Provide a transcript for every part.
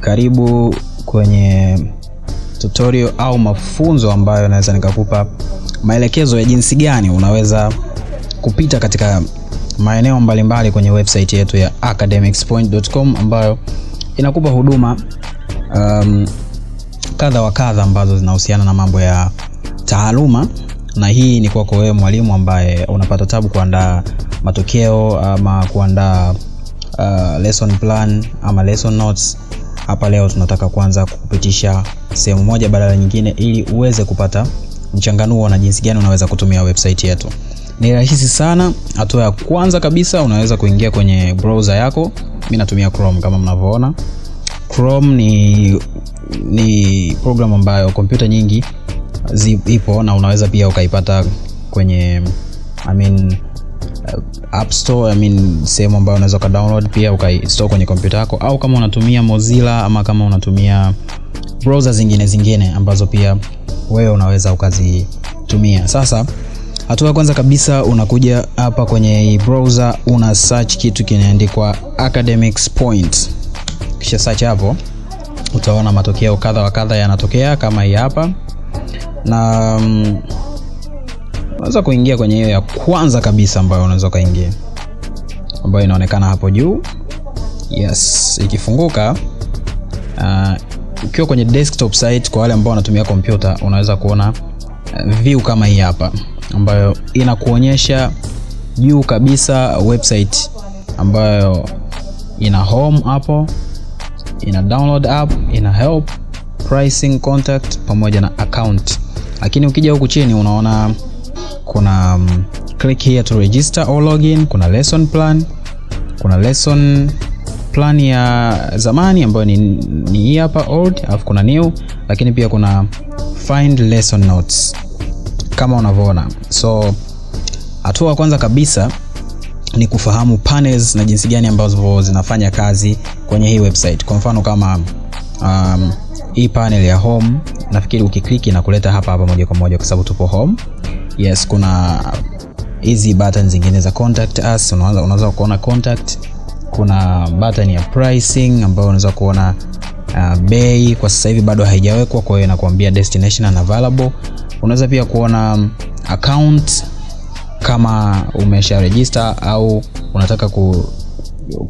Karibu kwenye tutorial au mafunzo ambayo naweza nikakupa maelekezo ya jinsi gani unaweza kupita katika maeneo mbalimbali kwenye website yetu ya academicspoint.com ambayo inakupa huduma um, kadha wa kadha ambazo zinahusiana na mambo ya taaluma, na hii ni kwako wewe mwalimu ambaye unapata tabu kuandaa matokeo ama kuandaa uh, lesson plan ama lesson notes hapa leo tunataka kuanza kupitisha sehemu moja badala nyingine, ili uweze kupata mchanganuo na jinsi gani unaweza kutumia website yetu. Ni rahisi sana. Hatua ya kwanza kabisa, unaweza kuingia kwenye browser yako. Mimi natumia Chrome kama mnavyoona. Chrome ni, ni program ambayo kompyuta nyingi zipo na unaweza pia ukaipata kwenye I mean, App Store, I mean sehemu ambayo unaweza ka download pia ukaistore kwenye kompyuta yako, au kama unatumia Mozilla ama kama unatumia browser zingine zingine ambazo pia wewe unaweza ukazitumia. Sasa hatua ya kwanza kabisa unakuja hapa kwenye browser, una search kitu kinaandikwa Academics Point, kisha search hapo, utaona matokeo kadha wa kadha yanatokea kama hii hapa na um, unaweza kuingia kwenye hiyo ya kwanza kabisa ambayo unaweza kaingia, ambayo inaonekana hapo juu. Yes, ikifunguka uh, ukiwa kwenye desktop site, kwa wale ambao wanatumia kompyuta, unaweza kuona uh, view kama hii hapa, ambayo inakuonyesha juu kabisa website ambayo ina home hapo, ina download app, ina help, pricing, contact pamoja na account. Lakini ukija huku chini unaona kuna um, click here to register or login. Kuna lesson plan, kuna lesson plan ya zamani ambayo ni, ni hii hapa old, alafu kuna new, lakini pia kuna find lesson notes kama unavyoona. So hatua ya kwanza kabisa ni kufahamu panels na jinsi gani ambazo zinafanya kazi kwenye hii website. Kwa mfano kama um, hii panel ya home, nafikiri ukiklik inakuleta hapa hapa moja kwa moja kwa sababu tupo home. Yes, kuna hizi button zingine za contact us, unaweza unaweza kuona contact. Kuna button ya pricing ambayo unaweza kuona uh, bei kwa sasa hivi bado haijawekwa, kwa hiyo inakuambia destination and available. Unaweza pia kuona um, account kama umesha register au unataka ku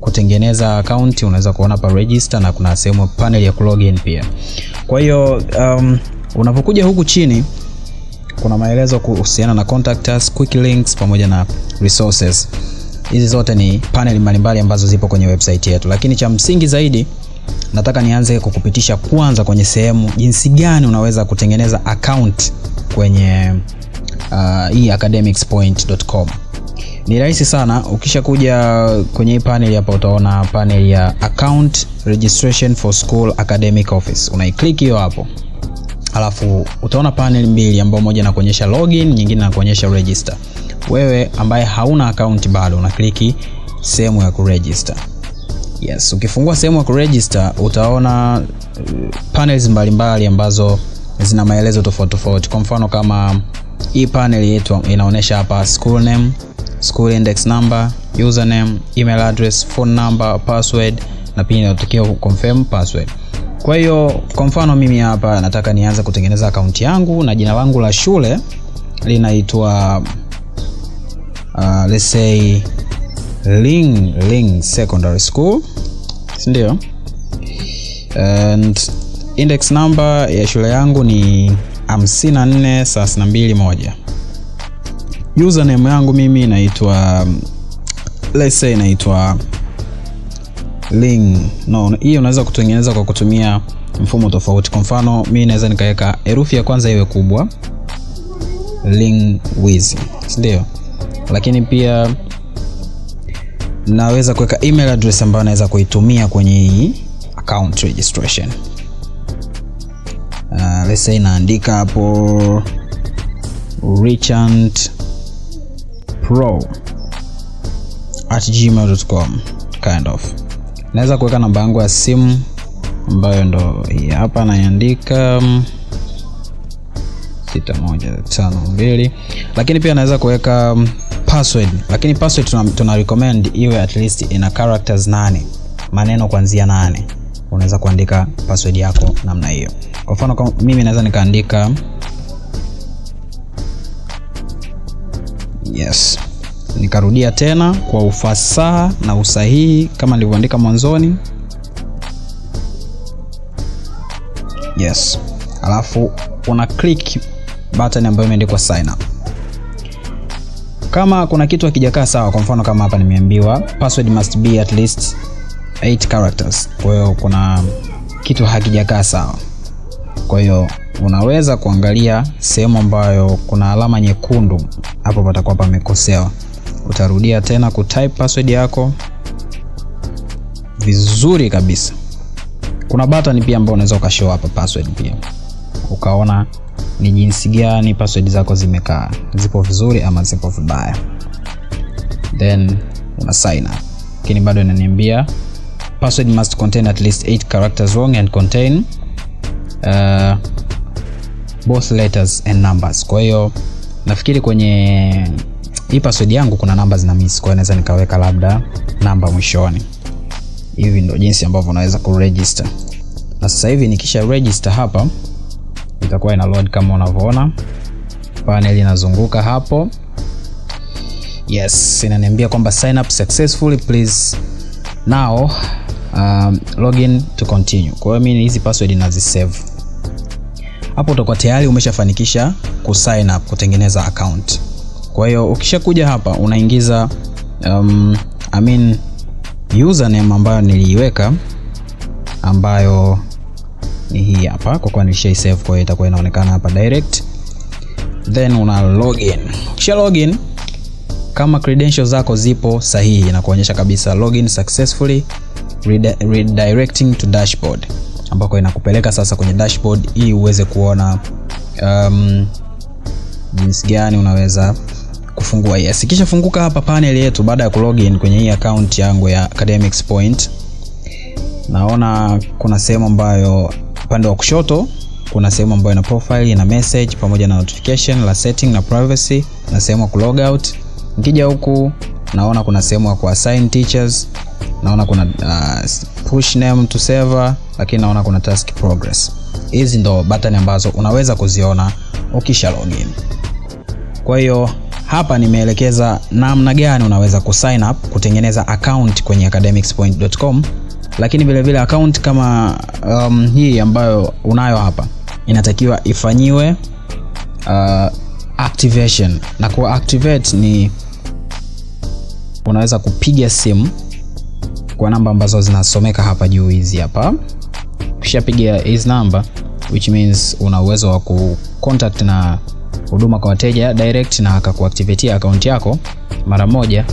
kutengeneza account unaweza kuona pa register, na kuna sehemu panel ya login pia. Kwa hiyo um, unapokuja huku chini kuna maelezo kuhusiana na contact us, quick links pamoja na resources. Hizi zote ni paneli mbalimbali ambazo zipo kwenye website yetu, lakini cha msingi zaidi nataka nianze kukupitisha kwanza kwenye sehemu jinsi gani unaweza kutengeneza account kwenye uh, academicspoint.com. Ni rahisi sana. ukisha kuja kwenye hii panel hapa, utaona panel ya account registration for school academic office, unaiklik hiyo hapo alafu utaona panel mbili ambayo moja inakuonyesha login, nyingine inakuonyesha register. Wewe ambaye hauna account bado una click sehemu ya kuregister. Yes, ukifungua sehemu ya kuregister utaona uh, panels mbalimbali mbali ambazo zina maelezo tofauti tofauti. Kwa mfano kama hii panel yetu inaonyesha hapa school name, school index number, username, email address, phone number, password na pia inatakiwa confirm password. Kwa hiyo kwa mfano mimi hapa nataka nianze kutengeneza akaunti yangu na jina langu la shule linaitwa uh, let's say Ling Ling Secondary School, si ndio? And index number ya shule yangu ni 54321. Username yangu mimi inaitwa let's say naitwa ling No, hii unaweza kutengeneza kwa kutumia mfumo tofauti. Kwa mfano, mimi naweza nikaweka herufi ya kwanza iwe kubwa link width, ndio. Lakini pia naweza kuweka email address ambayo naweza kuitumia kwenye hii account registration. Uh, let's say naandika hapo richard pro at gmail.com kind of naweza kuweka namba yangu ya simu ambayo ndo hapa naiandika mm, sita moja tano mbili, lakini pia naweza kuweka mm, password, lakini password tuna, tuna recommend iwe at least ina characters nane, maneno kuanzia nane. Unaweza kuandika password yako namna hiyo. Kwa mfano mimi naweza nikaandika mm, yes nikarudia tena kwa ufasaha na usahihi kama nilivyoandika mwanzoni. Yes, alafu una click button ambayo imeandikwa sign up. Kama kuna kitu hakijakaa sawa, kwa mfano kama hapa nimeambiwa password must be at least 8 characters. Kwa hiyo kuna kitu hakijakaa sawa, kwa hiyo unaweza kuangalia sehemu ambayo kuna alama nyekundu, hapo patakuwa pamekosewa utarudia tena kutype password yako vizuri kabisa. Kuna button pia ambayo unaweza ukashow hapa password pia, ukaona ni jinsi gani password zako zimekaa, zipo vizuri ama zipo vibaya, then una sign up. Lakini bado inaniambia password must contain at least 8 characters long and contain uh, both letters and numbers. Kwa hiyo nafikiri kwenye hii password yangu kuna namba zina miss, kwa hiyo naweza nikaweka labda namba mwishoni. Hivi ndio jinsi ambavyo unaweza kuregister. Na sasa hivi nikisha register hapa itakuwa ina load kama unavyoona, panel inazunguka hapo. Yes, inaniambia kwamba sign up successfully please now um, login to continue. Kwa hiyo mimi hizi password nazisave hapo. Utakuwa tayari umeshafanikisha kusign up, kutengeneza account. Kwa hiyo ukishakuja hapa unaingiza um, I mean username ambayo niliiweka ambayo ni hii hapa, kwa kuwa save kwa hiyo itakuwa inaonekana hapa direct, then una login. kisha login kama credentials zako zipo sahihi, inakuonyesha kabisa login successfully redirecting to dashboard, ambako inakupeleka sasa kwenye dashboard ili uweze kuona um, jinsi gani unaweza kufungua yes. Kisha funguka hapa panel yetu, baada ya kulogin kwenye hii account yangu ya Academics Point, naona kuna sehemu ambayo upande wa kushoto kuna sehemu ambayo ina profile, ina message pamoja na notification la setting na privacy na sehemu ya log out. Nikija huku naona kuna sehemu ya assign teachers, naona kuna uh, push name to server, lakini naona kuna task progress. Hizi ndo button ambazo unaweza kuziona ukisha login. Kwa hiyo hapa nimeelekeza namna gani unaweza kusign up kutengeneza account kwenye academicspoint.com lakini vilevile account kama um, hii ambayo unayo hapa inatakiwa ifanyiwe uh, activation na ku activate ni unaweza kupiga simu kwa namba ambazo zinasomeka hapa juu, hizi hapa. Ukishapiga hizi namba, which means una uwezo wa ku contact na huduma kwa wateja direct na akakuaktivitia akaunti yako mara moja